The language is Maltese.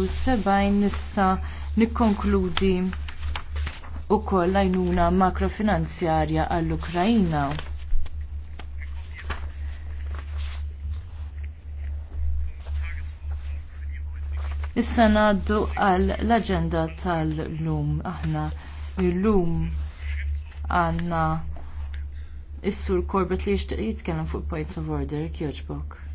U sebajn nissa nikkonkludi u koll għajnuna makrofinanzjarja għall-Ukrajina. Issa naddu għal l-agenda tal-lum. Aħna l-lum għanna Is-sur Corbett li jixtieq jitkellem fuq point of order, kjoġbok.